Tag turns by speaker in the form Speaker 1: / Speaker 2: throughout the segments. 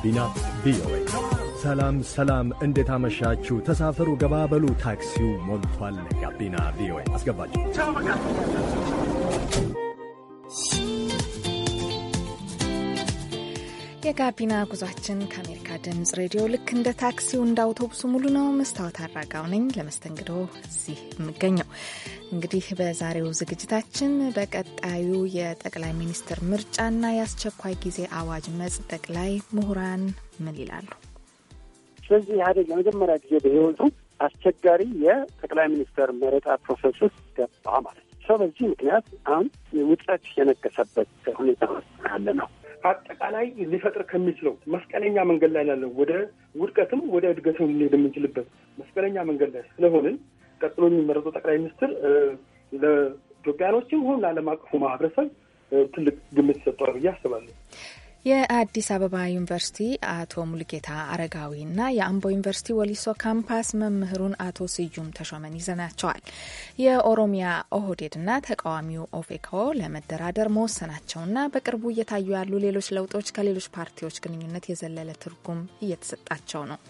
Speaker 1: ጋቢና ቪኦኤ። ሰላም ሰላም፣ እንዴት አመሻችሁ? ተሳፈሩ፣ ገባበሉ፣ ታክሲው ሞልቷል። ጋቢና ቪኦኤ ሰላም ሰላም እንዴት አመሻችሁ ተሳፈሩ በሉ ታክሲው ሞልቷል ጋቢና ቪኦኤ አስገባችሁ
Speaker 2: የጋቢና ጉዟችን ከአሜሪካ ድምፅ ሬዲዮ ልክ እንደ ታክሲው እንደ አውቶቡሱ ሙሉ ነው። መስታወት አራጋው ነኝ። ለመስተንግዶ እዚህ የምገኘው እንግዲህ በዛሬው ዝግጅታችን በቀጣዩ የጠቅላይ ሚኒስትር ምርጫና የአስቸኳይ ጊዜ አዋጅ መጽደቅ ላይ ምሁራን ምን ይላሉ?
Speaker 3: ስለዚህ ኢህአዴግ ለመጀመሪያ ጊዜ በህይወቱ አስቸጋሪ የጠቅላይ ሚኒስትር መረጣ ፕሮሰስ ውስጥ ገባ ማለት ነው። ሰው በዚህ ምክንያት አሁን ውጥረት የነገሰበት ሁኔታ ያለ ነው አጠቃላይ ሊፈጥር ከሚችለው መስቀለኛ መንገድ ላይ ላለው ወደ ውድቀትም ወደ እድገትም ሊሄድ የምንችልበት መስቀለኛ መንገድ ላይ ስለሆንን ቀጥሎ የሚመረጠው ጠቅላይ ሚኒስትር ለኢትዮጵያኖችም ሆን ለዓለም አቀፉ ማህበረሰብ ትልቅ ግምት ይሰጠዋል ብዬ አስባለሁ።
Speaker 2: የአዲስ አበባ ዩኒቨርሲቲ አቶ ሙልጌታ አረጋዊ እና የአምቦ ዩኒቨርሲቲ ወሊሶ ካምፓስ መምህሩን አቶ ስዩም ተሾመን ይዘናቸዋል። የኦሮሚያ ኦህዴድና ተቃዋሚው ኦፌኮ ለመደራደር መወሰናቸውና በቅርቡ እየታዩ ያሉ ሌሎች ለውጦች ከሌሎች ፓርቲዎች ግንኙነት የዘለለ ትርጉም እየተሰጣቸው ነው።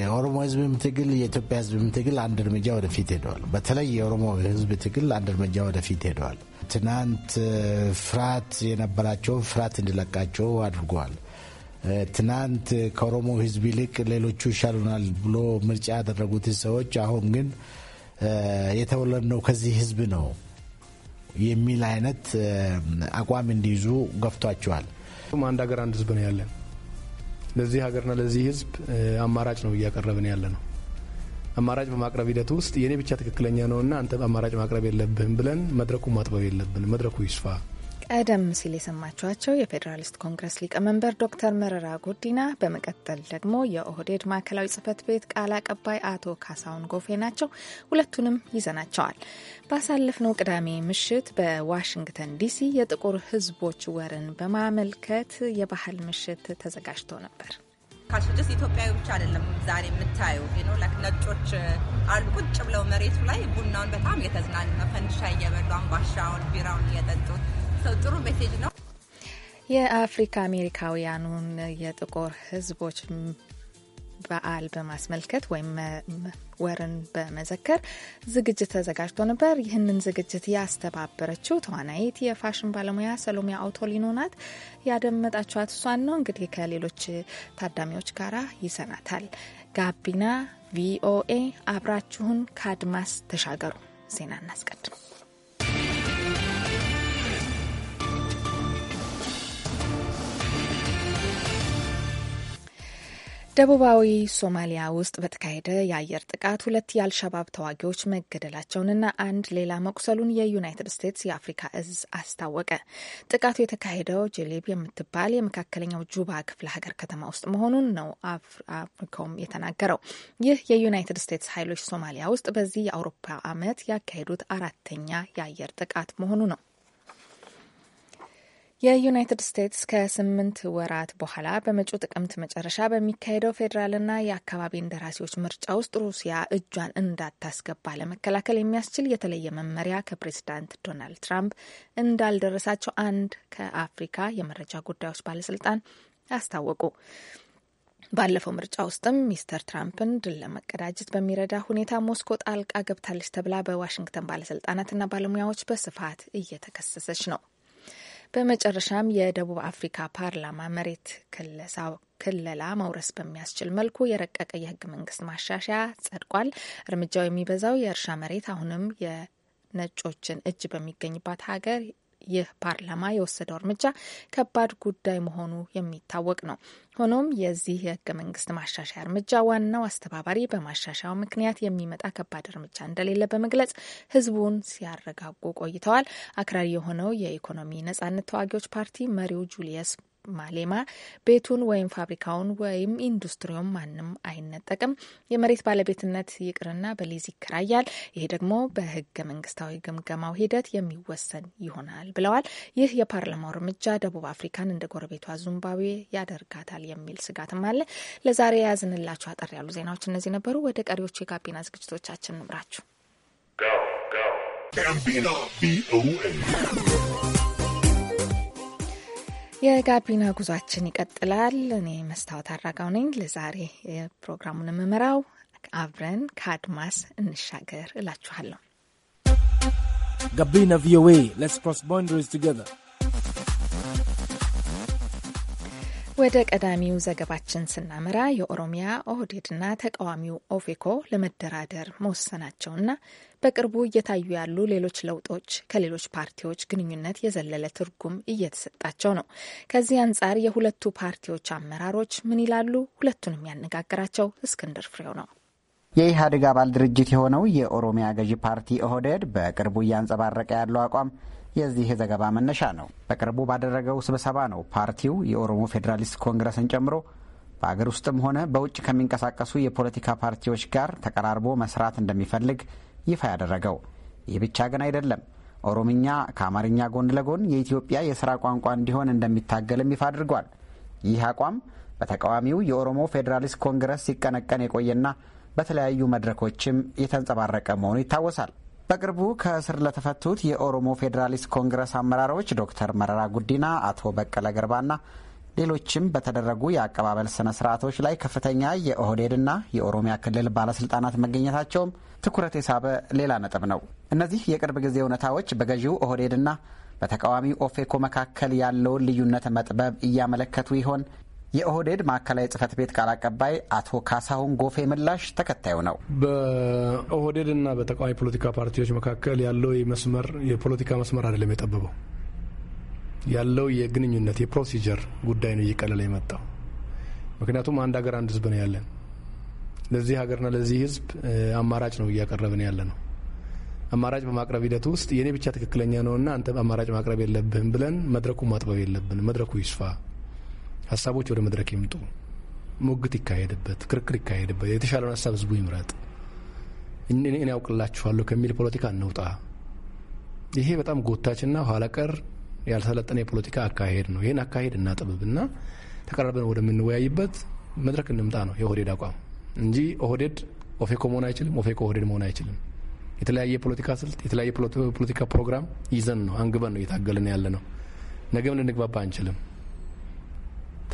Speaker 4: የኦሮሞ ህዝብም ትግል የኢትዮጵያ ህዝብም ትግል አንድ እርምጃ ወደፊት ሄደዋል። በተለይ የኦሮሞ ህዝብ ትግል አንድ እርምጃ ወደፊት ሄደዋል። ትናንት ፍርሃት የነበራቸው ፍርሃት እንዲለቃቸው አድርገዋል። ትናንት ከኦሮሞ ህዝብ ይልቅ ሌሎቹ ይሻሉናል ብሎ ምርጫ ያደረጉት ሰዎች አሁን ግን የተወለድነው ከዚህ ህዝብ ነው የሚል አይነት አቋም እንዲይዙ ገፍቷቸዋል።
Speaker 5: አንድ ሀገር አንድ ህዝብ ነው ያለን ለዚህ ሀገርና ለዚህ ህዝብ አማራጭ ነው እያቀረብን ያለ ነው። አማራጭ በማቅረብ ሂደት ውስጥ የኔ ብቻ ትክክለኛ ነውና አንተ አማራጭ ማቅረብ የለብህም ብለን መድረኩ ማጥበብ የለብን። መድረኩ ይስፋ።
Speaker 2: ቀደም ሲል የሰማችኋቸው የፌዴራሊስት ኮንግረስ ሊቀመንበር ዶክተር መረራ ጉዲና፣ በመቀጠል ደግሞ የኦህዴድ ማዕከላዊ ጽህፈት ቤት ቃል አቀባይ አቶ ካሳሁን ጎፌ ናቸው። ሁለቱንም ይዘናቸዋል። ባሳለፍነው ቅዳሜ ምሽት በዋሽንግተን ዲሲ የጥቁር ህዝቦች ወርን በማመልከት የባህል ምሽት ተዘጋጅቶ ነበር።
Speaker 6: ካልሽድስ ኢትዮጵያዊ ብቻ አይደለም ዛሬ የምታዩ ነው። ላክ ነጮች uh, አሉ ቁጭ ብለው መሬቱ ላይ ቡናውን በጣም የተዝናኑ ፈንድሻ እየበሉ አምባሻውን ቢራውን እየጠጡት ጥሩ ሜሴጅ ነው።
Speaker 2: የአፍሪካ አሜሪካውያኑን የጥቁር ህዝቦች በዓል በማስመልከት ወይም ወርን በመዘከር ዝግጅት ተዘጋጅቶ ነበር። ይህንን ዝግጅት ያስተባበረችው ተዋናይት የፋሽን ባለሙያ ሰሎሚያ አውቶሊኖ ናት። ያደመጣችኋት እሷን ነው። እንግዲህ ከሌሎች ታዳሚዎች ጋራ ይሰናታል። ጋቢና ቪኦኤ አብራችሁን ከአድማስ ተሻገሩ። ዜና እናስቀድም። ደቡባዊ ሶማሊያ ውስጥ በተካሄደ የአየር ጥቃት ሁለት የአልሸባብ ተዋጊዎች መገደላቸውንና አንድ ሌላ መቁሰሉን የዩናይትድ ስቴትስ የአፍሪካ እዝ አስታወቀ። ጥቃቱ የተካሄደው ጄሌብ የምትባል የመካከለኛው ጁባ ክፍለ ሀገር ከተማ ውስጥ መሆኑን ነው አፍሪኮም የተናገረው። ይህ የዩናይትድ ስቴትስ ኃይሎች ሶማሊያ ውስጥ በዚህ የአውሮፓ ዓመት ያካሄዱት አራተኛ የአየር ጥቃት መሆኑ ነው። የዩናይትድ ስቴትስ ከስምንት ወራት በኋላ በመጪው ጥቅምት መጨረሻ በሚካሄደው ፌዴራልና የአካባቢ እንደራሴዎች ምርጫ ውስጥ ሩሲያ እጇን እንዳታስገባ ለመከላከል የሚያስችል የተለየ መመሪያ ከፕሬዚዳንት ዶናልድ ትራምፕ እንዳልደረሳቸው አንድ ከአፍሪካ የመረጃ ጉዳዮች ባለስልጣን አስታወቁ። ባለፈው ምርጫ ውስጥም ሚስተር ትራምፕን ድል ለመቀዳጀት በሚረዳ ሁኔታ ሞስኮ ጣልቃ ገብታለች ተብላ በዋሽንግተን ባለስልጣናትና ባለሙያዎች በስፋት እየተከሰሰች ነው። በመጨረሻም የደቡብ አፍሪካ ፓርላማ መሬት ክለላ መውረስ በሚያስችል መልኩ የረቀቀ የህግ መንግስት ማሻሻያ ጸድቋል። እርምጃው የሚበዛው የእርሻ መሬት አሁንም የነጮችን እጅ በሚገኝባት ሀገር ይህ ፓርላማ የወሰደው እርምጃ ከባድ ጉዳይ መሆኑ የሚታወቅ ነው። ሆኖም የዚህ የህገ መንግስት ማሻሻያ እርምጃ ዋናው አስተባባሪ በማሻሻያው ምክንያት የሚመጣ ከባድ እርምጃ እንደሌለ በመግለጽ ህዝቡን ሲያረጋጉ ቆይተዋል። አክራሪ የሆነው የኢኮኖሚ ነጻነት ተዋጊዎች ፓርቲ መሪው ጁልየስ ማሌማ ቤቱን ወይም ፋብሪካውን ወይም ኢንዱስትሪውን ማንም አይነጠቅም። የመሬት ባለቤትነት ይቅርና በሊዝ ይከራያል። ይሄ ደግሞ በህገ መንግስታዊ ግምገማው ሂደት የሚወሰን ይሆናል ብለዋል። ይህ የፓርላማው እርምጃ ደቡብ አፍሪካን እንደ ጎረቤቷ ዚምባብዌ ያደርጋታል የሚል ስጋትም አለ። ለዛሬ የያዝንላችሁ አጠር ያሉ ዜናዎች እነዚህ ነበሩ። ወደ ቀሪዎቹ የጋቢና ዝግጅቶቻችን እንምራችሁ። የጋቢና ጉዟችን ይቀጥላል። እኔ መስታወት አራጋው ነኝ። ለዛሬ የፕሮግራሙን የምመራው አብረን ከአድማስ እንሻገር እላችኋለሁ።
Speaker 4: ጋቢና ቪኦኤ ሌትስ ክሮስ ቦንደሪስ ቱጌዘር።
Speaker 2: ወደ ቀዳሚው ዘገባችን ስናመራ የኦሮሚያ ኦህዴድና ተቃዋሚው ኦፌኮ ለመደራደር መወሰናቸውና በቅርቡ እየታዩ ያሉ ሌሎች ለውጦች ከሌሎች ፓርቲዎች ግንኙነት የዘለለ ትርጉም እየተሰጣቸው ነው። ከዚህ አንጻር የሁለቱ ፓርቲዎች አመራሮች ምን ይላሉ? ሁለቱንም ያነጋግራቸው እስክንድር ፍሬው ነው።
Speaker 7: የኢህአዴግ አባል ድርጅት የሆነው የኦሮሚያ ገዢ ፓርቲ ኦህዴድ በቅርቡ እያንጸባረቀ ያለው አቋም የዚህ ዘገባ መነሻ ነው። በቅርቡ ባደረገው ስብሰባ ነው ፓርቲው የኦሮሞ ፌዴራሊስት ኮንግረስን ጨምሮ በአገር ውስጥም ሆነ በውጭ ከሚንቀሳቀሱ የፖለቲካ ፓርቲዎች ጋር ተቀራርቦ መስራት እንደሚፈልግ ይፋ ያደረገው። ይህ ብቻ ግን አይደለም። ኦሮምኛ ከአማርኛ ጎን ለጎን የኢትዮጵያ የሥራ ቋንቋ እንዲሆን እንደሚታገልም ይፋ አድርጓል። ይህ አቋም በተቃዋሚው የኦሮሞ ፌዴራሊስት ኮንግረስ ሲቀነቀን የቆየና በተለያዩ መድረኮችም የተንጸባረቀ መሆኑ ይታወሳል። በቅርቡ ከእስር ለተፈቱት የኦሮሞ ፌዴራሊስት ኮንግረስ አመራሮች ዶክተር መረራ ጉዲና፣ አቶ በቀለ ገርባና ሌሎችም በተደረጉ የአቀባበል ስነ ስርዓቶች ላይ ከፍተኛ የኦህዴድና የኦሮሚያ ክልል ባለስልጣናት መገኘታቸውም ትኩረት የሳበ ሌላ ነጥብ ነው። እነዚህ የቅርብ ጊዜ እውነታዎች በገዢው ኦህዴድና በተቃዋሚ ኦፌኮ መካከል ያለውን ልዩነት መጥበብ እያመለከቱ ይሆን? የኦህዴድ ማዕከላዊ ጽህፈት ቤት ቃል አቀባይ አቶ ካሳሁን ጎፌ ምላሽ ተከታዩ ነው።
Speaker 5: በኦህዴድና በተቃዋሚ ፖለቲካ ፓርቲዎች መካከል ያለው መስመር የፖለቲካ መስመር አይደለም የጠበበው ያለው የግንኙነት የፕሮሲጀር ጉዳይ ነው እየቀለለ የመጣው። ምክንያቱም አንድ ሀገር አንድ ህዝብ ነው ያለን። ለዚህ ሀገርና ለዚህ ህዝብ አማራጭ ነው እያቀረብን ያለ ነው። አማራጭ በማቅረብ ሂደት ውስጥ የእኔ ብቻ ትክክለኛ ነውና አንተ አማራጭ ማቅረብ የለብህም ብለን መድረኩ ማጥበብ የለብን። መድረኩ ይስፋ፣ ሀሳቦች ወደ መድረክ ይምጡ፣ ሙግት ይካሄድበት፣ ክርክር ይካሄድበት፣ የተሻለውን ሀሳብ ህዝቡ ይምረጥ፣ እኔ ያውቅላችኋለሁ ከሚል ፖለቲካ እንውጣ። ይሄ በጣም ጎታችና ኋላ ያልሰለጠነ የፖለቲካ አካሄድ ነው። ይህን አካሄድ እናጥብብና ተቀራርበን ወደምንወያይበት መድረክ እንምጣ ነው የኦህዴድ አቋም እንጂ ኦህዴድ ኦፌኮ መሆን አይችልም፣ ኦፌኮ ኦህዴድ መሆን አይችልም። የተለያየ ፖለቲካ ስልት፣ የተለያየ ፖለቲካ ፕሮግራም ይዘን ነው አንግበን ነው እየታገልን ያለ ነው። ነገም ልንግባባ አንችልም።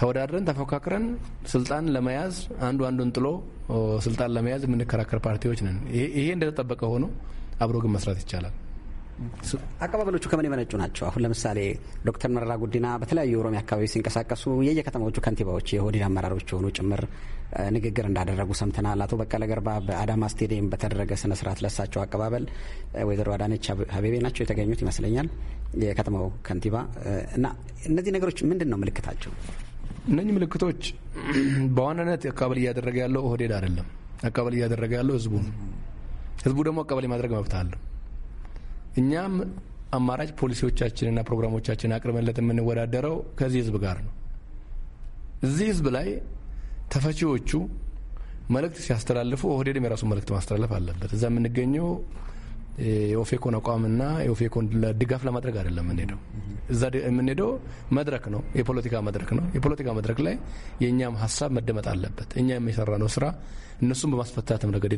Speaker 5: ተወዳድረን ተፎካክረን ስልጣን ለመያዝ አንዱ አንዱን ጥሎ ስልጣን ለመያዝ
Speaker 7: የምንከራከር ፓርቲዎች ነን።
Speaker 5: ይሄ እንደተጠበቀ ሆኖ አብሮ ግን መስራት ይቻላል።
Speaker 7: አቀባበሎቹ ከምን የመነጩ ናቸው? አሁን ለምሳሌ ዶክተር መረራ ጉዲና በተለያዩ ኦሮሚያ አካባቢ ሲንቀሳቀሱ የየከተማዎቹ ከንቲባዎች የኦህዴድ አመራሮች የሆኑ ጭምር ንግግር እንዳደረጉ ሰምተናል። አቶ በቀለ ገርባ በአዳማ ስቴዲየም በተደረገ ስነስርዓት ለሳቸው አቀባበል ወይዘሮ አዳነች አቤቤ ናቸው የተገኙት ይመስለኛል የከተማው ከንቲባ እና እነዚህ ነገሮች ምንድን ነው ምልክታቸው? እነዚህ ምልክቶች በዋናነት አቀባበል እያደረገ ያለው ኦህዴድ አይደለም።
Speaker 5: አቀባበል እያደረገ ያለው ህዝቡ ነው። ህዝቡ ደግሞ አቀባበል ማድረግ መብት አለው። እኛም አማራጭ ፖሊሲዎቻችንና ፕሮግራሞቻችን አቅርበንለት የምንወዳደረው ከዚህ ህዝብ ጋር ነው። እዚህ ህዝብ ላይ ተፈቺዎቹ መልእክት ሲያስተላልፉ ኦህዴድም የራሱ መልእክት ማስተላለፍ አለበት። እዛ የምንገኘው የኦፌኮን አቋምና የኦፌኮን ድጋፍ ለማድረግ አይደለም የምንሄደው። እዛ የምንሄደው መድረክ ነው፣ የፖለቲካ መድረክ ነው። የፖለቲካ መድረክ ላይ የእኛም ሀሳብ መደመጥ አለበት። እኛ ነው ስራ እነሱን በማስፈታትም ረገድ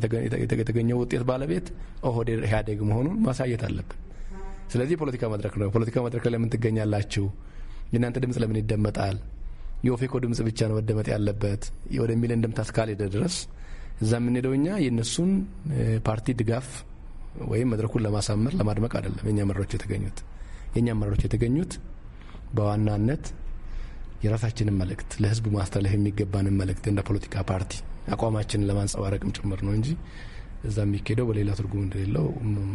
Speaker 5: የተገኘው ውጤት ባለቤት ኦህዴድ ኢህአዴግ መሆኑን ማሳየት አለብን። ስለዚህ የፖለቲካ መድረክ ነው። የፖለቲካ መድረክ ላይ ለምን ትገኛላችሁ? የእናንተ ድምፅ ለምን ይደመጣል? የኦፌኮ ድምፅ ብቻ ነው መደመጥ ያለበት ወደሚል እንድምታ እስካልሄደ ድረስ እዛ የምንሄደው እኛ የእነሱን ፓርቲ ድጋፍ ወይም መድረኩን ለማሳመር ለማድመቅ አይደለም የኛ መሪዎች የተገኙት። የእኛ መሪዎች የተገኙት በዋናነት የራሳችንን መልእክት ለህዝቡ ማስተላለፍ የሚገባንን መልእክት እንደ ፖለቲካ ፓርቲ አቋማችንን ለማንጸባረቅም ጭምር ነው እንጂ እዛ የሚካሄደው በሌላ ትርጉም እንደሌለው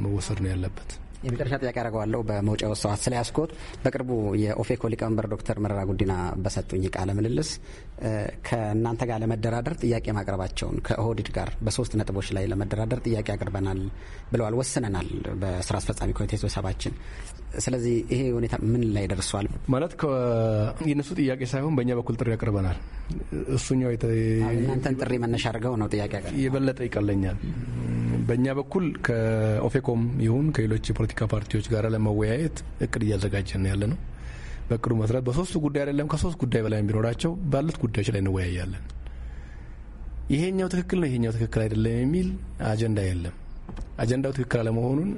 Speaker 5: መወሰድ ነው ያለበት።
Speaker 7: የመጨረሻ ጥያቄ አደርገዋለሁ። በመውጫ ውስጥ ሰዓት በቅርቡ የኦፌኮ ሊቀመንበር ዶክተር መረራ ጉዲና በሰጡኝ ቃለ ምልልስ ከእናንተ ጋር ለመደራደር ጥያቄ ማቅረባቸውን ከኦህዴድ ጋር በሶስት ነጥቦች ላይ ለመደራደር ጥያቄ አቅርበናል ብለዋል። ወስነናል በስራ አስፈጻሚ ኮሚቴ ስብሰባችን። ስለዚህ ይሄ ሁኔታ ምን ላይ ደርሷል? ማለት የነሱ ጥያቄ
Speaker 5: ሳይሆን በእኛ በኩል ጥሪ አቅርበናል። እሱኛው እናንተን ጥሪ መነሻ አድርገው ነው ጥያቄ የበለጠ ይቀለኛል በእኛ በኩል ከኦፌኮም ይሁን ከሌሎች የፖለቲካ ፓርቲዎች ጋር ለመወያየት እቅድ እያዘጋጀን ያለ ነው። በእቅዱ መሰረት በሶስቱ ጉዳይ አይደለም ከሶስት ጉዳይ በላይ ቢኖራቸው ባሉት ጉዳዮች ላይ እንወያያለን። ይሄኛው ትክክል ነው፣ ይሄኛው ትክክል አይደለም የሚል አጀንዳ የለም። አጀንዳው ትክክል አለመሆኑን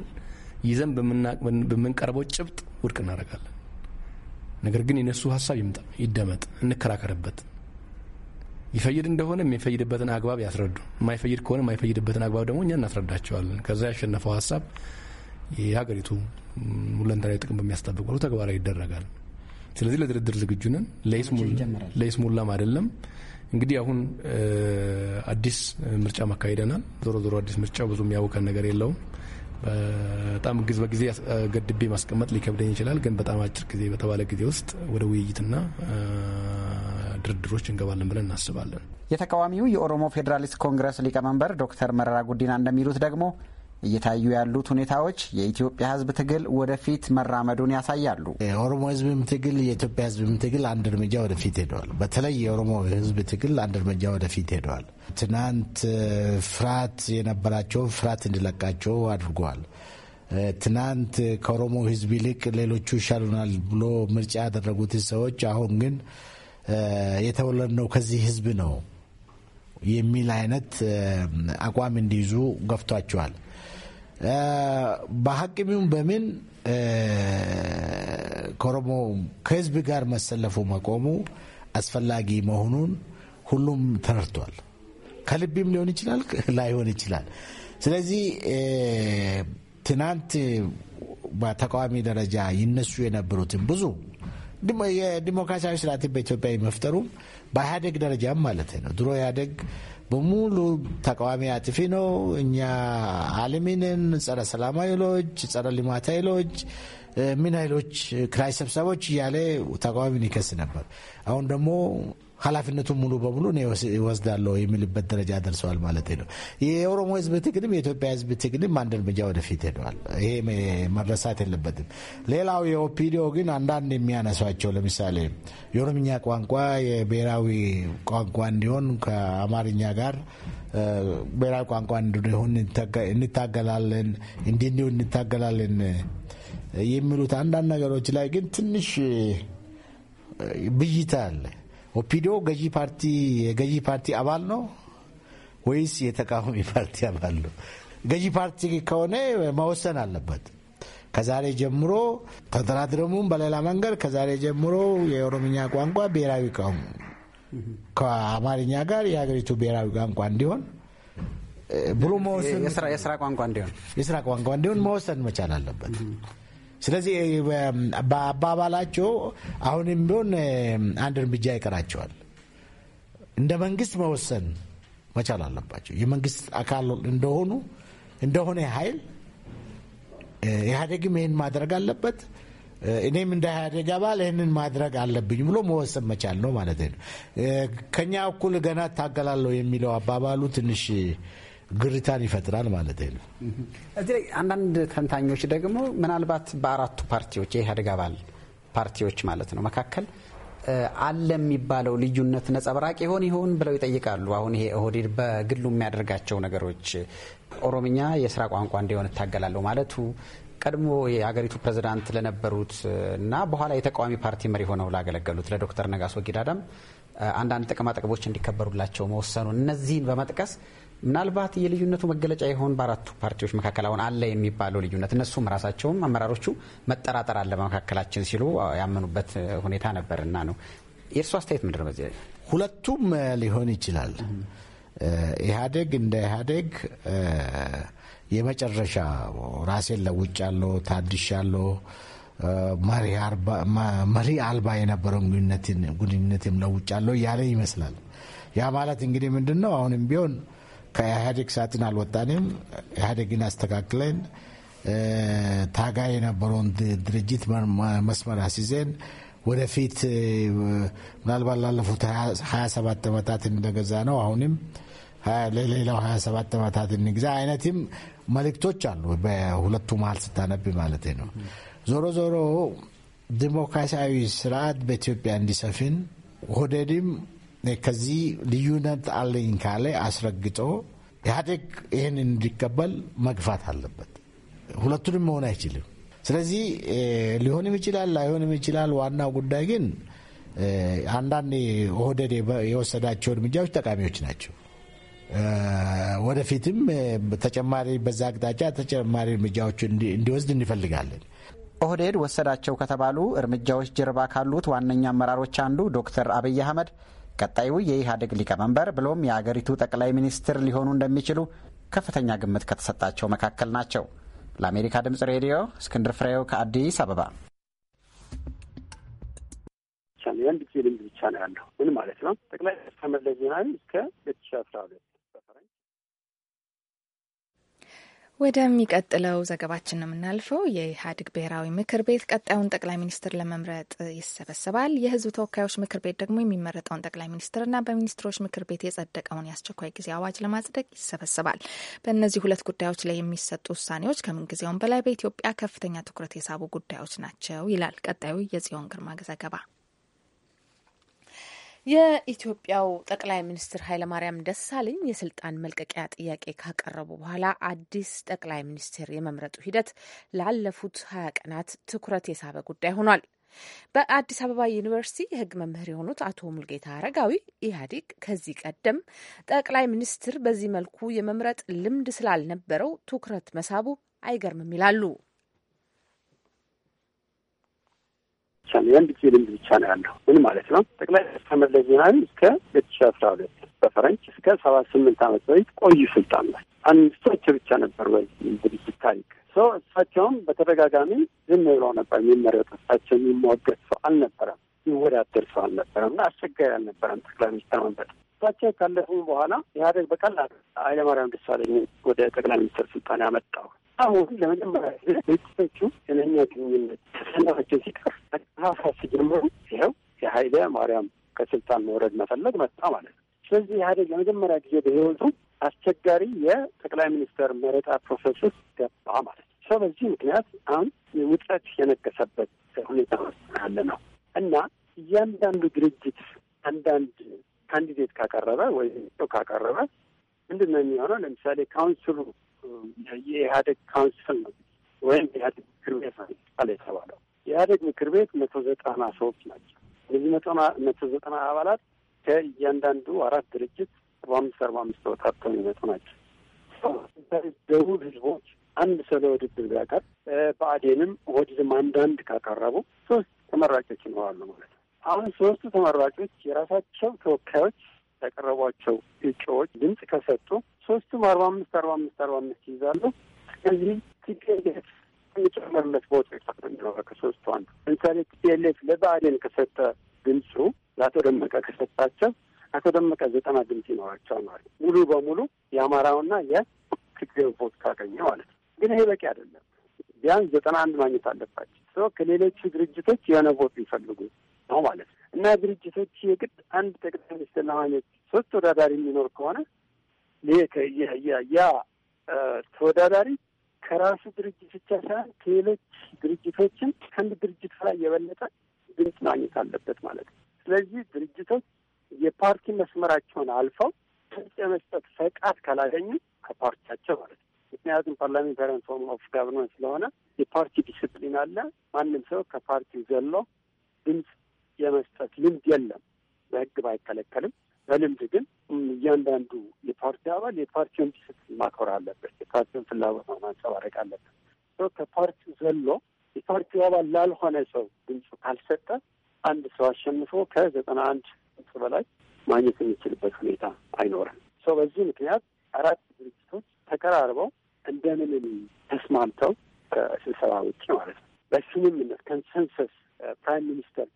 Speaker 5: ይዘን በምንቀርበው ጭብጥ ውድቅ እናደርጋለን። ነገር ግን የነሱ ሀሳብ ይምጣ፣ ይደመጥ፣ እንከራከርበት ይፈይድ እንደሆነ የሚፈይድበትን አግባብ ያስረዱ፣ የማይፈይድ ከሆነ የማይፈይድበትን አግባብ ደግሞ እኛ እናስረዳቸዋለን። ከዛ ያሸነፈው ሀሳብ የሀገሪቱ ሁለንተናዊ ጥቅም በሚያስጠብቅ መልኩ ተግባራዊ ይደረጋል። ስለዚህ ለድርድር ዝግጁ ነን። ለይስሙላም አይደለም። እንግዲህ አሁን አዲስ ምርጫ ማካሄደናል። ዞሮ ዞሮ አዲስ ምርጫ ብዙ የሚያውቀን ነገር የለውም። በጣም በጊዜ ገድቤ ማስቀመጥ ሊከብደኝ ይችላል። ግን በጣም አጭር ጊዜ በተባለ ጊዜ ውስጥ ወደ ውይይትና ድርድሮች እንገባለን ብለን እናስባለን።
Speaker 7: የተቃዋሚው የኦሮሞ ፌዴራሊስት ኮንግረስ ሊቀመንበር ዶክተር መረራ ጉዲና እንደሚሉት ደግሞ እየታዩ ያሉት ሁኔታዎች የኢትዮጵያ ሕዝብ ትግል ወደፊት መራመዱን ያሳያሉ።
Speaker 4: የኦሮሞ ሕዝብም ትግል የኢትዮጵያ ሕዝብም ትግል አንድ እርምጃ ወደፊት ሄደዋል። በተለይ የኦሮሞ ሕዝብ ትግል አንድ እርምጃ ወደፊት ሄደዋል። ትናንት ፍርሃት የነበራቸው ፍርሃት እንዲለቃቸው አድርጓል። ትናንት ከኦሮሞ ሕዝብ ይልቅ ሌሎቹ ይሻሉናል ብሎ ምርጫ ያደረጉት ሰዎች አሁን ግን የተወለድነው ከዚህ ህዝብ ነው የሚል አይነት አቋም እንዲይዙ ገፍቷቸዋል። በሀቅሚውም በምን ከኦሮሞ ከህዝብ ጋር መሰለፉ መቆሙ አስፈላጊ መሆኑን ሁሉም ተረድቷል። ከልቢም ሊሆን ይችላል፣ ላይሆን ይችላል። ስለዚህ ትናንት በተቃዋሚ ደረጃ ይነሱ የነበሩትን ብዙ የዲሞክራሲያዊ ስርዓት በኢትዮጵያ መፍጠሩ በኢህአዴግ ደረጃም ማለት ነው። ድሮ ኢህአዴግ በሙሉ ተቃዋሚ አጥፊ ነው። እኛ አልሚንን ጸረ ሰላም ኃይሎች፣ ጸረ ልማት ኃይሎች፣ ምን ኃይሎች፣ ክራይ ሰብሳቦች እያለ ተቃዋሚን ይከስ ነበር። አሁን ደግሞ ኃላፊነቱን ሙሉ በሙሉ እኔ ወስዳለሁ የሚልበት ደረጃ ደርሰዋል ማለት ነው። የኦሮሞ ህዝብ ትግልም የኢትዮጵያ ህዝብ ትግልም አንድ እርምጃ ወደፊት ሄደዋል። ይሄ መረሳት የለበትም። ሌላው የኦፒዲዮ ግን አንዳንድ የሚያነሷቸው ለምሳሌ የኦሮምኛ ቋንቋ የብሔራዊ ቋንቋ እንዲሆን ከአማርኛ ጋር ብሔራዊ ቋንቋ እንዲሆን እንታገላለን እንዲንዲሁ እንታገላለን የሚሉት አንዳንድ ነገሮች ላይ ግን ትንሽ ብይታ አለ። ኦፒዲዮ ገዢ ፓርቲ የገዢ ፓርቲ አባል ነው ወይስ የተቃዋሚ ፓርቲ አባል ነው? ገዢ ፓርቲ ከሆነ መወሰን አለበት። ከዛሬ ጀምሮ ተደራድረሙም በሌላ መንገድ ከዛሬ ጀምሮ የኦሮምኛ ቋንቋ ብሔራዊ ከአማርኛ ጋር የሀገሪቱ ብሔራዊ ቋንቋ እንዲሆን ብሎ መወሰን
Speaker 7: የስራ ቋንቋ እንዲሆን
Speaker 4: የስራ ቋንቋ እንዲሆን መወሰን መቻል አለበት። ስለዚህ በአባባላቸው አሁንም ቢሆን አንድ እርምጃ ይቀራቸዋል። እንደ መንግስት መወሰን መቻል አለባቸው። የመንግስት አካል እንደሆኑ እንደሆነ ኃይል ኢህአዴግም ይህን ማድረግ አለበት። እኔም እንደ ኢህአዴግ አባል ይህንን ማድረግ አለብኝ ብሎ መወሰን መቻል ነው ማለት ነው። ከኛ እኩል ገና እታገላለሁ የሚለው አባባሉ ትንሽ ግሪታን ይፈጥራል ማለት ነው።
Speaker 7: እዚህ ላይ አንዳንድ ተንታኞች ደግሞ ምናልባት በአራቱ ፓርቲዎች የኢህአዴግ አባል ፓርቲዎች ማለት ነው መካከል አለ የሚባለው ልዩነት ነጸብራቅ ይሆን ይሆን ብለው ይጠይቃሉ። አሁን ይሄ ኦህዴድ በግሉ የሚያደርጋቸው ነገሮች ኦሮምኛ የስራ ቋንቋ እንዲሆን እታገላለሁ ማለቱ ቀድሞ የአገሪቱ ፕሬዝዳንት ለነበሩት እና በኋላ የተቃዋሚ ፓርቲ መሪ ሆነው ላገለገሉት ለዶክተር ነጋሶ ጊዳዳም አንዳንድ ጥቅማጥቅቦች እንዲከበሩላቸው መወሰኑ እነዚህን በመጥቀስ ምናልባት የልዩነቱ መገለጫ የሆን በአራቱ ፓርቲዎች መካከል አሁን አለ የሚባለው ልዩነት እነሱም ራሳቸውም አመራሮቹ መጠራጠር አለ በመካከላችን ሲሉ ያመኑበት ሁኔታ እና ነው። የእርሱ አስተያየት ምንድን ነው? በዚህ
Speaker 4: ሁለቱም ሊሆን ይችላል። ኢህአዴግ እንደ ኢህአዴግ የመጨረሻ ራሴን ለውጫለሁ ታድሻለሁ መሪ አልባ የነበረውን ግንኙነትም ለውጫለሁ እያለ ይመስላል። ያ ማለት እንግዲህ ምንድን ነው? አሁንም ቢሆን ከኢህአዴግ ሳጥን አልወጣንም። ኢህአዴግን አስተካክለን ታጋይ የነበረውን ድርጅት መስመር አስይዘን ወደፊት ምናልባት ላለፉት 27 ዓመታት እንደገዛ ነው አሁንም ለሌላው 27 ዓመታት እንግዛ አይነትም መልእክቶች አሉ። በሁለቱ መሀል ስታነብ ማለት ነው። ዞሮ ዞሮ ዲሞክራሲያዊ ስርዓት በኢትዮጵያ እንዲሰፍን ሆደድም ከዚህ ልዩነት አለኝ ካለ አስረግጦ ኢህአዴግ ይህን እንዲቀበል መግፋት አለበት። ሁለቱንም መሆን አይችልም። ስለዚህ ሊሆንም ይችላል፣ ላይሆንም ይችላል። ዋናው ጉዳይ ግን አንዳንድ ኦህዴድ የወሰዳቸው እርምጃዎች ጠቃሚዎች ናቸው። ወደፊትም ተጨማሪ በዛ አቅጣጫ ተጨማሪ እርምጃዎች እንዲወስድ እንፈልጋለን።
Speaker 7: ኦህዴድ ወሰዳቸው ከተባሉ እርምጃዎች ጀርባ ካሉት ዋነኛ አመራሮች አንዱ ዶክተር አብይ አህመድ ቀጣዩ የኢህአዴግ ሊቀመንበር ብሎም የአገሪቱ ጠቅላይ ሚኒስትር ሊሆኑ እንደሚችሉ ከፍተኛ ግምት ከተሰጣቸው መካከል ናቸው። ለአሜሪካ ድምጽ ሬዲዮ እስክንድር ፍሬው ከአዲስ አበባ።
Speaker 3: የአንድ ጊዜ ልምድ ብቻ ነው ያለው። ምን ማለት ነው? ጠቅላይ ሚኒስትር መለስ ዜናዊ እስከ ሁለት አስራ ሁለት
Speaker 2: ወደሚቀጥለው ዘገባችን ነው የምናልፈው። የኢህአዴግ ብሔራዊ ምክር ቤት ቀጣዩን ጠቅላይ ሚኒስትር ለመምረጥ ይሰበሰባል። የህዝብ ተወካዮች ምክር ቤት ደግሞ የሚመረጠውን ጠቅላይ ሚኒስትርና በሚኒስትሮች ምክር ቤት የጸደቀውን የአስቸኳይ ጊዜ አዋጅ ለማጽደቅ ይሰበሰባል። በእነዚህ ሁለት ጉዳዮች ላይ የሚሰጡ ውሳኔዎች ከምንጊዜውም በላይ በኢትዮጵያ ከፍተኛ ትኩረት የሳቡ ጉዳዮች ናቸው ይላል ቀጣዩ የጽዮን ግርማ ዘገባ።
Speaker 8: የኢትዮጵያው ጠቅላይ ሚኒስትር ኃይለማርያም ደሳለኝ የስልጣን መልቀቂያ ጥያቄ ካቀረቡ በኋላ አዲስ ጠቅላይ ሚኒስትር የመምረጡ ሂደት ላለፉት ሀያ ቀናት ትኩረት የሳበ ጉዳይ ሆኗል። በአዲስ አበባ ዩኒቨርሲቲ የሕግ መምህር የሆኑት አቶ ሙልጌታ አረጋዊ ኢህአዴግ ከዚህ ቀደም ጠቅላይ ሚኒስትር በዚህ መልኩ የመምረጥ ልምድ ስላልነበረው ትኩረት መሳቡ አይገርምም ይላሉ።
Speaker 3: ብቻ ነው የአንድ ጊዜ ልምድ ብቻ ነው ያለው። ምን ማለት ነው? ጠቅላይ ሚኒስትር መለስ ዜናዊ እስከ ሁለት ሺ አስራ ሁለት በፈረንጅ እስከ ሰባት ስምንት ዓመት በፊት ቆዩ ስልጣን ላይ አንድ ብቻ ነበር ወይ ድርጅት ታሪክ ሰው እሳቸውም በተደጋጋሚ ዝም ብለው ነበር የሚመረጥ እሳቸው የሚሟገት ሰው አልነበረም፣ የሚወዳደር ሰው አልነበረም እና አስቸጋሪ አልነበረም ጠቅላይ ሚኒስትር መምረጥ። እሳቸው ካለፉ በኋላ ኢህአዴግ በቀላል ኃይለማርያም ደሳለኝ ወደ ጠቅላይ ሚኒስትር ስልጣን ያመጣው አሁን ለመጀመሪያ ጊዜ ድርጅቶቹ ስለኛ ግንኙነት ተሰናቸው ሲቀር መጽሐፋ ሲጀምሩ ይኸው የሀይለ ማርያም ከስልጣን መውረድ መፈለግ መጣ ማለት ነው። ስለዚህ ኢህአዴግ ለመጀመሪያ ጊዜ በህይወቱ አስቸጋሪ የጠቅላይ ሚኒስተር መረጣ ፕሮሰስ ውስጥ ገባ ማለት ነው። ሰው በዚህ ምክንያት አሁን ውጥረት የነገሰበት ሁኔታ አለ ነው እና እያንዳንዱ ድርጅት አንዳንድ ካንዲዴት ካቀረበ ወይ ካቀረበ ምንድን ነው የሚሆነው? ለምሳሌ ካውንስሉ የኢህአዴግ ካውንስል ነው ወይም የኢህአዴግ ምክር ቤት ቃል የተባለው የኢህአዴግ ምክር ቤት መቶ ዘጠና ሰዎች ናቸው። እነዚህ መቶ ዘጠና አባላት ከእያንዳንዱ አራት ድርጅት አርባ አምስት አርባ አምስት ተወጣጥተው የሚመጡ ናቸው። ደቡብ ህዝቦች አንድ ሰው ለውድድር ቢያቀር በአዴንም ኦህዴድም አንዳንድ ካቀረቡ ሶስት ተመራጮች ይኖራሉ ማለት ነው። አሁን ሶስቱ ተመራጮች የራሳቸው ተወካዮች ያቀረቧቸው እጩዎች ድምጽ ከሰጡ ሶስቱም አርባ አምስት አርባ አምስት አርባ አምስት ይይዛሉ። ስለዚህ ቲፒኤልኤፍ የሚጨመርለት ቦታ ይፈቅድለ ከሶስቱ አንዱ ለምሳሌ ቲፒኤልኤፍ ለብአዴን ከሰጠ ድምፁ ለአቶ ደመቀ ከሰጣቸው አቶ ደመቀ ዘጠና ድምፅ ይኖራቸዋል ማለት ሙሉ በሙሉ የአማራውና የትግሬው ቦት ካገኘ ማለት ነው። ግን ይሄ በቂ አይደለም። ቢያንስ ዘጠና አንድ ማግኘት አለባቸው። ከሌሎቹ ድርጅቶች የሆነ ቦት ሊፈልጉ ነው ማለት ነው። እና ድርጅቶች የግድ አንድ ጠቅላይ ሚኒስትር ለማግኘት ሶስት ተወዳዳሪ የሚኖር ከሆነ ያ ተወዳዳሪ ከራሱ ድርጅት ብቻ ሳይሆን ከሌሎች ድርጅቶችም ከአንድ ድርጅት ላይ የበለጠ ድምፅ ማግኘት አለበት ማለት ነው። ስለዚህ ድርጅቶች የፓርቲ መስመራቸውን አልፈው ድምፅ የመስጠት ፈቃድ ካላገኙ ከፓርቲያቸው ማለት ነው። ምክንያቱም ፓርላሜንታሪያን ፎርም ኦፍ ጋቨርናንስ ስለሆነ የፓርቲ ዲስፕሊን አለ። ማንም ሰው ከፓርቲው ዘሎ ድምፅ የመስጠት ልምድ የለም። በህግ ባይከለከልም በልምድ ግን እያንዳንዱ የፓርቲ አባል የፓርቲውን ዲስፕሊን ማክበር አለበት። የፓርቲውን ፍላጎት ማንጸባረቅ አለበት። ከፓርቲው ዘሎ የፓርቲው አባል ላልሆነ ሰው ድምፁ ካልሰጠ አንድ ሰው አሸንፎ ከዘጠና አንድ ድምፅ በላይ ማግኘት የሚችልበት ሁኔታ አይኖርም። ሰው በዚህ ምክንያት አራት ድርጅቶች ተቀራርበው እንደምንም ተስማምተው ከስብሰባ ውጭ ማለት ነው በስምምነት ከንሰንሰስ ፕራይም ሚኒስተር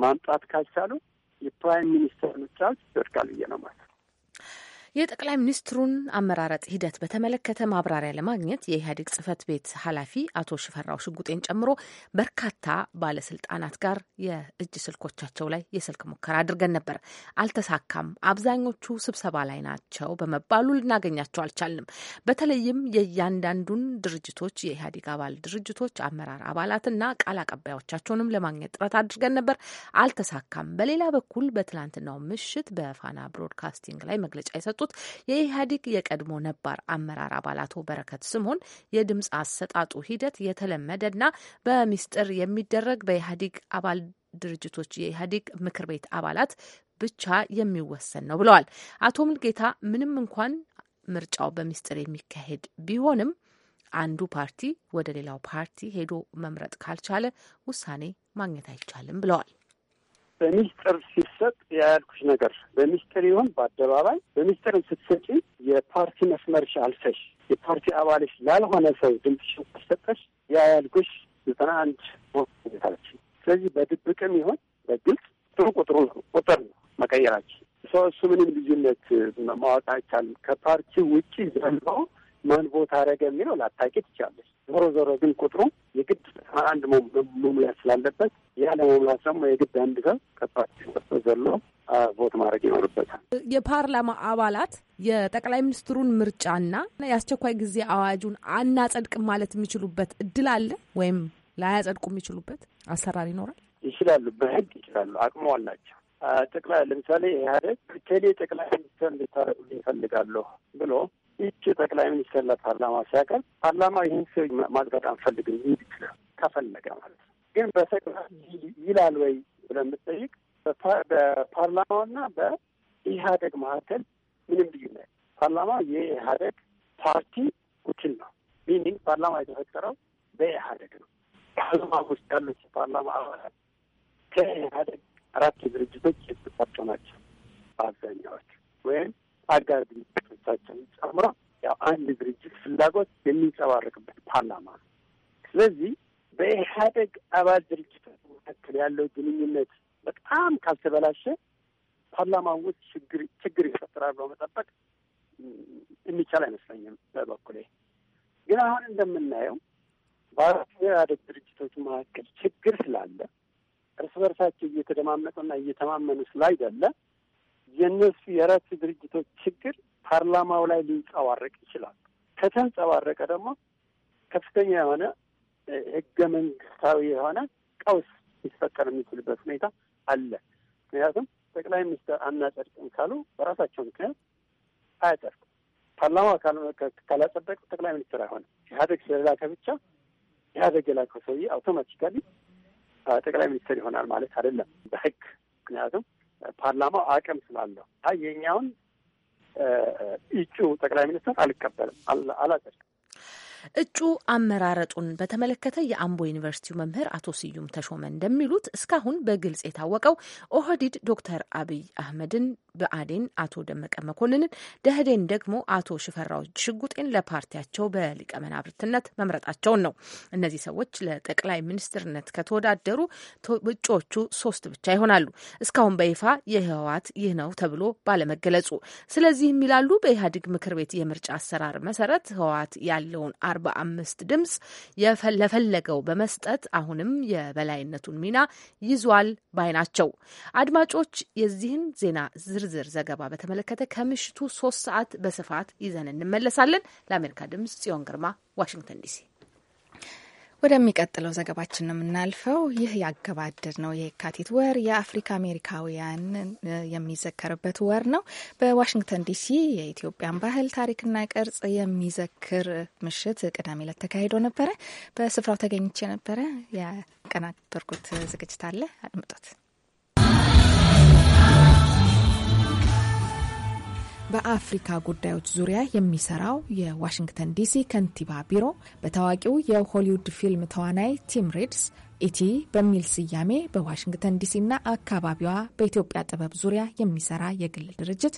Speaker 3: ማምጣት ካልቻሉ የፕራይም ሚኒስተር ምርጫ ይወድቃል ብዬ ነው ማለት
Speaker 8: የጠቅላይ ሚኒስትሩን አመራረጥ ሂደት በተመለከተ ማብራሪያ ለማግኘት የኢህአዴግ ጽህፈት ቤት ኃላፊ አቶ ሽፈራው ሽጉጤን ጨምሮ በርካታ ባለስልጣናት ጋር የእጅ ስልኮቻቸው ላይ የስልክ ሙከራ አድርገን ነበር። አልተሳካም። አብዛኞቹ ስብሰባ ላይ ናቸው በመባሉ ልናገኛቸው አልቻልንም። በተለይም የእያንዳንዱን ድርጅቶች የኢህአዴግ አባል ድርጅቶች አመራር አባላትና ቃል አቀባዮቻቸውንም ለማግኘት ጥረት አድርገን ነበር። አልተሳካም። በሌላ በኩል በትላንትናው ምሽት በፋና ብሮድካስቲንግ ላይ መግለጫ የሰጡ የሰጡት የኢህአዴግ የቀድሞ ነባር አመራር አባል አቶ በረከት ስምኦን የድምፅ አሰጣጡ ሂደት የተለመደና በሚስጥር የሚደረግ በኢህአዴግ አባል ድርጅቶች የኢህአዴግ ምክር ቤት አባላት ብቻ የሚወሰን ነው ብለዋል። አቶ ሙልጌታ ምንም እንኳን ምርጫው በሚስጥር የሚካሄድ ቢሆንም አንዱ ፓርቲ ወደ ሌላው ፓርቲ ሄዶ መምረጥ ካልቻለ ውሳኔ ማግኘት አይቻልም ብለዋል። በሚስጥር ስትሰጥ
Speaker 3: ያልኩሽ ነገር በሚስጥር ይሁን በአደባባይ በሚስጥር ስትሰጪ የፓርቲ መስመርሽ አልፈሽ የፓርቲ አባልሽ ላልሆነ ሰው ድምፅሽን ሰጠሽ ያ ዘጠና አንድ ሞታለች። ስለዚህ በድብቅም ይሁን በግልጽ ጥሩ ቁጥሩ ቁጥር ነው መቀየራችን ሰው እሱ ምንም ልዩነት ማወቅ አይቻልም። ከፓርቲ ውጪ ዘንበው ማን ቦታ አረገ የሚለው ላታቂ ትቻለች። ዞሮ ዞሮ ግን ቁጥሩ የግድ አንድ መሙላት ስላለበት ያለ መሙላት ደግሞ የግድ አንድ ሰው ከፓርቲ ዘሎ ቦት ማድረግ ይኖርበታል።
Speaker 8: የፓርላማ አባላት የጠቅላይ ሚኒስትሩን ምርጫና የአስቸኳይ ጊዜ አዋጁን አናጸድቅም ማለት የሚችሉበት እድል አለ ወይም ላያጸድቁ የሚችሉበት አሰራር ይኖራል።
Speaker 3: ይችላሉ፣ በህግ ይችላሉ፣ አቅሙ አላቸው። ጠቅላይ ለምሳሌ ኢህአዴግ ቴሌ ጠቅላይ ሚኒስትር እንድታደርጉ ይፈልጋለሁ ብሎ እጩ ጠቅላይ ሚኒስትር ለፓርላማ ሲያቀርብ ፓርላማ ይህን ሰው ማጽደቅ አንፈልግም ይል ይችላል ከፈለገ ማለት ነው። ግን በተግባር ይላል ወይ ብለን ብትጠይቅ በፓርላማና በኢህአደግ መካከል ምንም ልዩነት ፓርላማ የኢህአደግ ፓርቲ ውክል ነው። ሚኒንግ ፓርላማ የተፈጠረው በኢህአደግ ነው። ፓርላማ ውስጥ ያሉት ፓርላማ አባላት ከኢህአደግ አራት ድርጅቶች የተሰጣቸው ናቸው በአብዛኛዎች ወይም አጋር ድርጅቶቻችን ጨምሮ ያው አንድ ድርጅት ፍላጎት የሚንጸባረቅበት ፓርላማ ነው። ስለዚህ በኢህአደግ አባል ድርጅቶች መካከል ያለው ግንኙነት በጣም ካልተበላሸ ፓርላማ ውስጥ ችግር ችግር ይፈጥራል ብሎ መጠበቅ የሚቻል አይመስለኝም። በበኩሌ ግን አሁን እንደምናየው በአራቱ የኢህአደግ ድርጅቶች መካከል ችግር ስላለ እርስ በርሳቸው እየተደማመጡና እየተማመኑ ስላይደለ የእነሱ የራስ ድርጅቶች ችግር ፓርላማው ላይ ሊንጸባረቅ ይችላል። ከተንጸባረቀ ደግሞ ከፍተኛ የሆነ ህገ መንግስታዊ የሆነ ቀውስ ሊፈጠር የሚችልበት ሁኔታ አለ። ምክንያቱም ጠቅላይ ሚኒስትር አናጸድቅም ካሉ በራሳቸው ምክንያት አያጸድቅም። ፓርላማ ካላጸደቅ ጠቅላይ ሚኒስትር አይሆንም። ኢህአዴግ ስለላከ ብቻ ኢህአዴግ የላከው ሰውዬ አውቶማቲካሊ ጠቅላይ ሚኒስትር ይሆናል ማለት አይደለም በህግ ምክንያቱም ፓርላማው አቅም ስላለው አይ የኛውን እጩ ጠቅላይ ሚኒስትር አልቀበልም አላጸድቅም
Speaker 8: እጩ አመራረጡን በተመለከተ የአምቦ ዩኒቨርሲቲው መምህር አቶ ስዩም ተሾመ እንደሚሉት እስካሁን በግልጽ የታወቀው ኦህዲድ ዶክተር አብይ አህመድን፣ በአዴን አቶ ደመቀ መኮንንን፣ ደህዴን ደግሞ አቶ ሽፈራው ሽጉጤን ለፓርቲያቸው በሊቀመናብርትነት መምረጣቸውን ነው። እነዚህ ሰዎች ለጠቅላይ ሚኒስትርነት ከተወዳደሩ እጩዎቹ ሶስት ብቻ ይሆናሉ። እስካሁን በይፋ የህወሓት ይህ ነው ተብሎ ባለመገለጹ ስለዚህም ይላሉ በኢህአዴግ ምክር ቤት የምርጫ አሰራር መሰረት ህወሓት ያለውን አምስት ድምፅ ለፈለገው በመስጠት አሁንም የበላይነቱን ሚና ይዟል ባይ ናቸው። አድማጮች የዚህን ዜና ዝርዝር ዘገባ በተመለከተ ከምሽቱ ሶስት ሰዓት በስፋት ይዘን እንመለሳለን። ለአሜሪካ ድምፅ ጽዮን ግርማ ዋሽንግተን ዲሲ ወደሚቀጥለው ዘገባችን
Speaker 2: ነው የምናልፈው። ይህ ያገባደድ ነው የካቲት ወር የአፍሪካ አሜሪካውያን የሚዘከርበት ወር ነው። በዋሽንግተን ዲሲ የኢትዮጵያን ባህል ታሪክና ቅርጽ የሚዘክር ምሽት ቅዳሜ ዕለት ተካሂዶ ነበረ። በስፍራው ተገኝቼ ነበረ። ያቀናበርኩት ዝግጅት አለ፣ አድምጦት በአፍሪካ ጉዳዮች ዙሪያ የሚሰራው የዋሽንግተን ዲሲ ከንቲባ ቢሮ በታዋቂው የሆሊውድ ፊልም ተዋናይ ቲም ሪድስ ኢቲ በሚል ስያሜ በዋሽንግተን ዲሲና አካባቢዋ በኢትዮጵያ ጥበብ ዙሪያ የሚሰራ የግል ድርጅት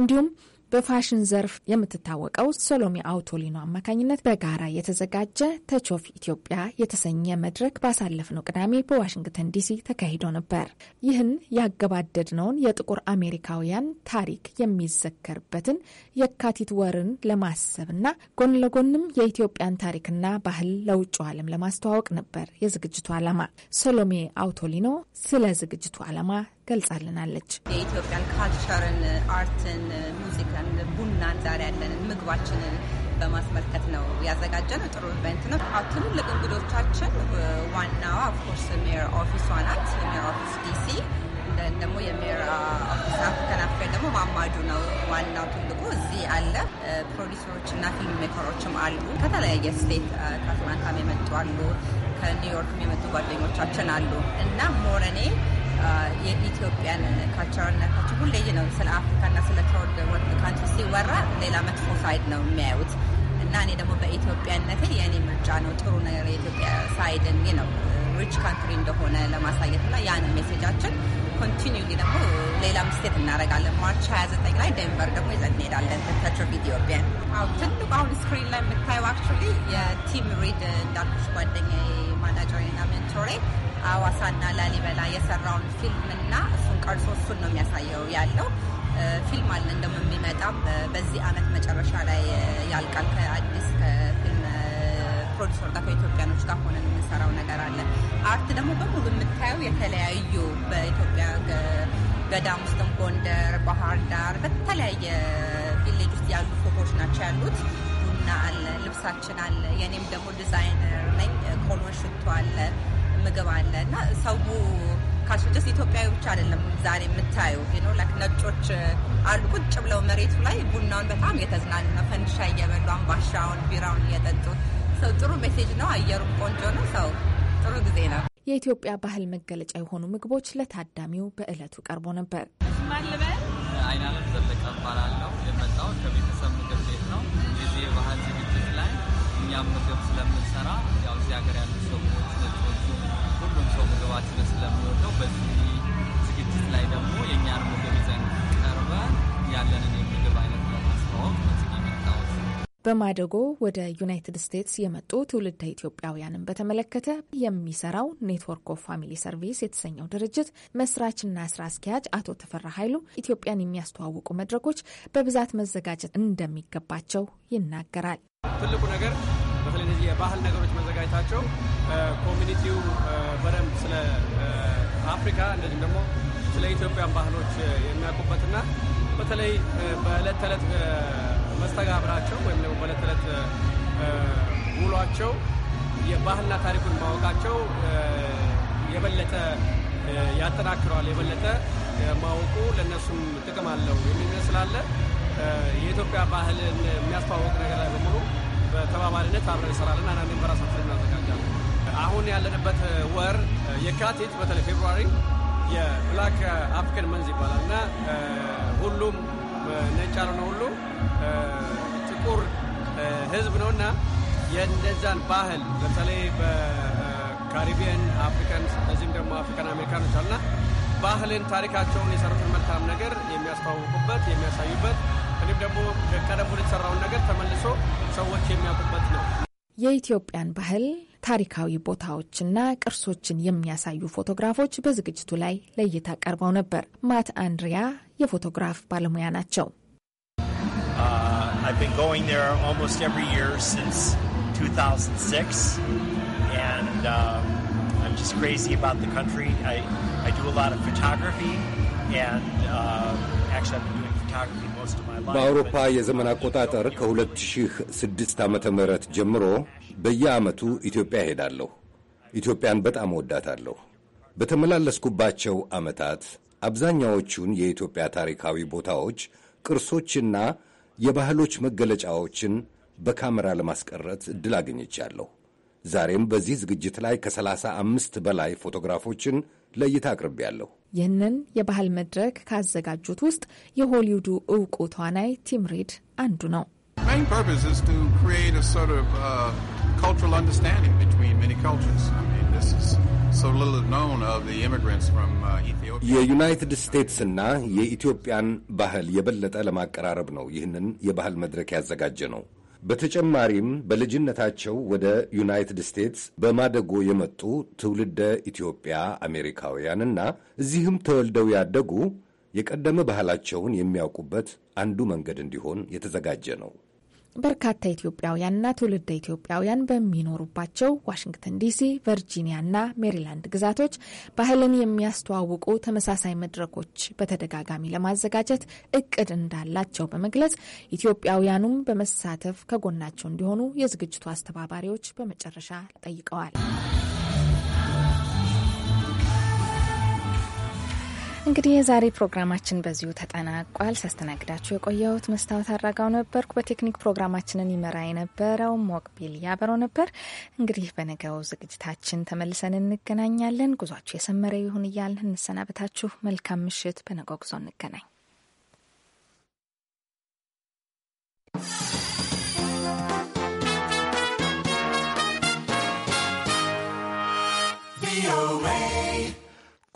Speaker 2: እንዲሁም በፋሽን ዘርፍ የምትታወቀው ሰሎሜ አውቶሊኖ አማካኝነት በጋራ የተዘጋጀ ተቾፍ ኢትዮጵያ የተሰኘ መድረክ ባሳለፍነው ቅዳሜ በዋሽንግተን ዲሲ ተካሂዶ ነበር። ይህን ያገባደድነውን የጥቁር አሜሪካውያን ታሪክ የሚዘከርበትን የካቲት ወርን ለማሰብና ጎን ለጎንም የኢትዮጵያን ታሪክና ባህል ለውጭ ዓለም ለማስተዋወቅ ነበር የዝግጅቱ ዓላማ። ሰሎሜ አውቶሊኖ ስለ ዝግጅቱ ዓላማ ገልጻልናለች።
Speaker 6: የኢትዮጵያን ካልቸርን፣ አርትን፣ ሙዚቃን፣ ቡናን፣ ዛሬ ያለንን ምግባችንን በማስመልከት ነው ያዘጋጀ ነው። ጥሩ ኢቨንት ነው። ትልልቅ እንግዶቻችን ዋናዋ ኦፍኮርስ ሜር ኦፊሷ ናት። ሜር ኦፊስ ዲሲ ደግሞ የሜር ኦፊስ አፍሪካን አፌር ደግሞ ማማዱ ነው ዋናው ትልቁ እዚህ አለ። ፕሮዲሰሮች እና ፊልም ሜከሮችም አሉ። ከተለያየ ስቴት ከአትላንታም የመጡ አሉ። ከኒውዮርክም የመጡ ጓደኞቻችን አሉ እና ሞረኔ የኢትዮጵያን ካልቸራልነታቸው ሁሌ ነው ስለ አፍሪካና ስለ ተወርድ ወርድ ካንትሪ ሲወራ ሌላ መጥፎ ሳይድ ነው የሚያዩት እና እኔ ደግሞ በኢትዮጵያነት የእኔ ምርጫ ነው ጥሩ ነገር የኢትዮጵያ ሳይድን ነው ሪች ካንትሪ እንደሆነ ለማሳየት እና ያን ሜሴጃችን ኮንቲኒሊ ደግሞ ሌላ ምስቴት እናደርጋለን። ማርች 29 ላይ ደንቨር ደግሞ ይዘን እንሄዳለን። ፐትሮፍ ኢትዮጵያን አሁ ትልቁ አሁን ስክሪን ላይ የምታየው አክቹዋሊ የቲም ሪድ እንዳልኩሽ ጓደኛዬ ና ሜንቶሬ አዋሳና ላሊበላ የሰራውን ፊልም እና እሱን ቀርሶ እሱን ነው የሚያሳየው ያለው ፊልም አለ እንደውም የሚመጣም በዚህ አመት መጨረሻ ላይ ያልቃል። ከአዲስ ከፊልም ፕሮዲሰር ጋር ከኢትዮጵያኖች ጋር ሆነን የምንሰራው ነገር አለ። አርት ደግሞ በሙሉ የምታየው የተለያዩ በኢትዮጵያ ገዳም ውስጥም ጎንደር፣ ባህር ዳር በተለያየ ቪሌጅ ውስጥ ያሉ ፎቶዎች ናቸው ያሉት። ቡና አለ፣ ልብሳችን አለ። የእኔም ደግሞ ዲዛይነር ነኝ። ቆሎን ሽቶ አለ ምግብ አለ እና ሰው ካልሽ ኢትዮጵያዊ ብቻ አይደለም ዛሬ የምታዩ ነው። ላይክ ነጮች አሉ ቁጭ ብለው መሬቱ ላይ ቡናውን በጣም የተዝናኑ ነው፣ ፈንዲሻ እየበሉ አምባሻውን፣ ቢራውን እየጠጡ ሰው ጥሩ ሜሴጅ ነው። አየሩም ቆንጆ ነው። ሰው ጥሩ ጊዜ ነው።
Speaker 2: የኢትዮጵያ ባህል መገለጫ የሆኑ ምግቦች ለታዳሚው በእለቱ ቀርቦ ነበር።
Speaker 9: አይናለም ዘለቀ እባላለሁ። የመጣው ከቤተሰብ ምግብ ቤት ነው። የዚህ የባህል ዝግጅት ላይ እኛም ምግብ ስለምንሰራ ያው እዚህ ሀገር ያሉ ሰዎች ሁሉም ሰው ምግባችንን ስለሚወደው በዚህ ዝግጅት ላይ ደግሞ የእኛን ምግብ ይዘን ቀርበን ያለንን የምግብ አይነት ለማስተዋወቅ
Speaker 2: በማደጎ ወደ ዩናይትድ ስቴትስ የመጡ ትውልደ ኢትዮጵያውያንን በተመለከተ የሚሰራው ኔትወርክ ኦፍ ፋሚሊ ሰርቪስ የተሰኘው ድርጅት መስራችና ስራ አስኪያጅ አቶ ተፈራ ኃይሉ ኢትዮጵያን የሚያስተዋውቁ መድረኮች በብዛት መዘጋጀት እንደሚገባቸው ይናገራል።
Speaker 9: ትልቁ ነገር እነዚህ የባህል ነገሮች መዘጋጀታቸው ኮሚኒቲው በደንብ ስለ አፍሪካ እንደዚሁም ደግሞ ስለ ኢትዮጵያን ባህሎች የሚያውቁበትና በተለይ በዕለት ተዕለት መስተጋብራቸው ወይም ደግሞ በዕለት ተዕለት ውሏቸው የባህልና ታሪኩን ማወቃቸው የበለጠ ያጠናክረዋል። የበለጠ ማወቁ ለእነሱም ጥቅም አለው የሚመስላለ የኢትዮጵያ ባህልን የሚያስተዋወቅ ነገር ላይ በሙሉ በተባባሪነት አብረን እንሰራለን። አንዳንዴም በራሳችን እናዘጋጃለን። አሁን ያለንበት ወር የካቲት በተለይ ፌብሩዋሪ የብላክ አፍሪካን መንዝ ይባላል እና ሁሉም ነጭ ያልሆነ ሁሉ ጥቁር ህዝብ ነው እና የእንደዛን ባህል በተለይ በካሪቢያን አፍሪካን እዚህም ደግሞ አፍሪካን አሜሪካኖች አሉና ባህልን፣ ታሪካቸውን፣ የሰሩትን መልካም ነገር የሚያስተዋውቁበት የሚያሳዩበት እኔም ደግሞ ቀደም የተሰራውን ነገር ተመልሶ
Speaker 3: ሰዎች የሚያውቁበት ነው።
Speaker 2: የኢትዮጵያን ባህል ታሪካዊ ቦታዎችና ቅርሶችን የሚያሳዩ ፎቶግራፎች በዝግጅቱ ላይ ለእይታ ቀርበው ነበር። ማት አንድሪያ የፎቶግራፍ ባለሙያ ናቸው።
Speaker 3: uh,
Speaker 1: በአውሮፓ የዘመን አቆጣጠር ከ2006 ዓ ም ጀምሮ በየዓመቱ ኢትዮጵያ እሄዳለሁ። ኢትዮጵያን በጣም ወዳታለሁ። በተመላለስኩባቸው ዓመታት አብዛኛዎቹን የኢትዮጵያ ታሪካዊ ቦታዎች፣ ቅርሶችና የባህሎች መገለጫዎችን በካሜራ ለማስቀረት ዕድል አግኝቻለሁ። ዛሬም በዚህ ዝግጅት ላይ ከ አምስት በላይ ፎቶግራፎችን ለእይታ አቅርቤያለሁ።
Speaker 2: ይህንን የባህል መድረክ ካዘጋጁት ውስጥ የሆሊውዱ እውቁ ተዋናይ ቲም ሪድ አንዱ ነው።
Speaker 1: uh, uh, የዩናይትድ ስቴትስና የኢትዮጵያን ባህል የበለጠ ለማቀራረብ ነው። ይህንን የባህል መድረክ ያዘጋጀ ነው። በተጨማሪም በልጅነታቸው ወደ ዩናይትድ ስቴትስ በማደጎ የመጡ ትውልደ ኢትዮጵያ አሜሪካውያንና እዚህም ተወልደው ያደጉ የቀደመ ባህላቸውን የሚያውቁበት አንዱ መንገድ እንዲሆን የተዘጋጀ ነው።
Speaker 2: በርካታ ኢትዮጵያውያንና ትውልደ ኢትዮጵያውያን በሚኖሩባቸው ዋሽንግተን ዲሲ፣ ቨርጂኒያና ሜሪላንድ ግዛቶች ባህልን የሚያስተዋውቁ ተመሳሳይ መድረኮች በተደጋጋሚ ለማዘጋጀት እቅድ እንዳላቸው በመግለጽ ኢትዮጵያውያኑም በመሳተፍ ከጎናቸው እንዲሆኑ የዝግጅቱ አስተባባሪዎች በመጨረሻ ጠይቀዋል። እንግዲህ የዛሬ ፕሮግራማችን በዚሁ ተጠናቋል። ሳስተናግዳችሁ የቆየሁት መስታወት አድራጋው ነበርኩ። በቴክኒክ ፕሮግራማችንን ይመራ የነበረው ሞቅቢል ያበረው ነበር። እንግዲህ በነገው ዝግጅታችን ተመልሰን እንገናኛለን። ጉዟችሁ የሰመረ ይሁን እያልን እንሰናበታችሁ። መልካም ምሽት። በነገው ጉዞ እንገናኝ።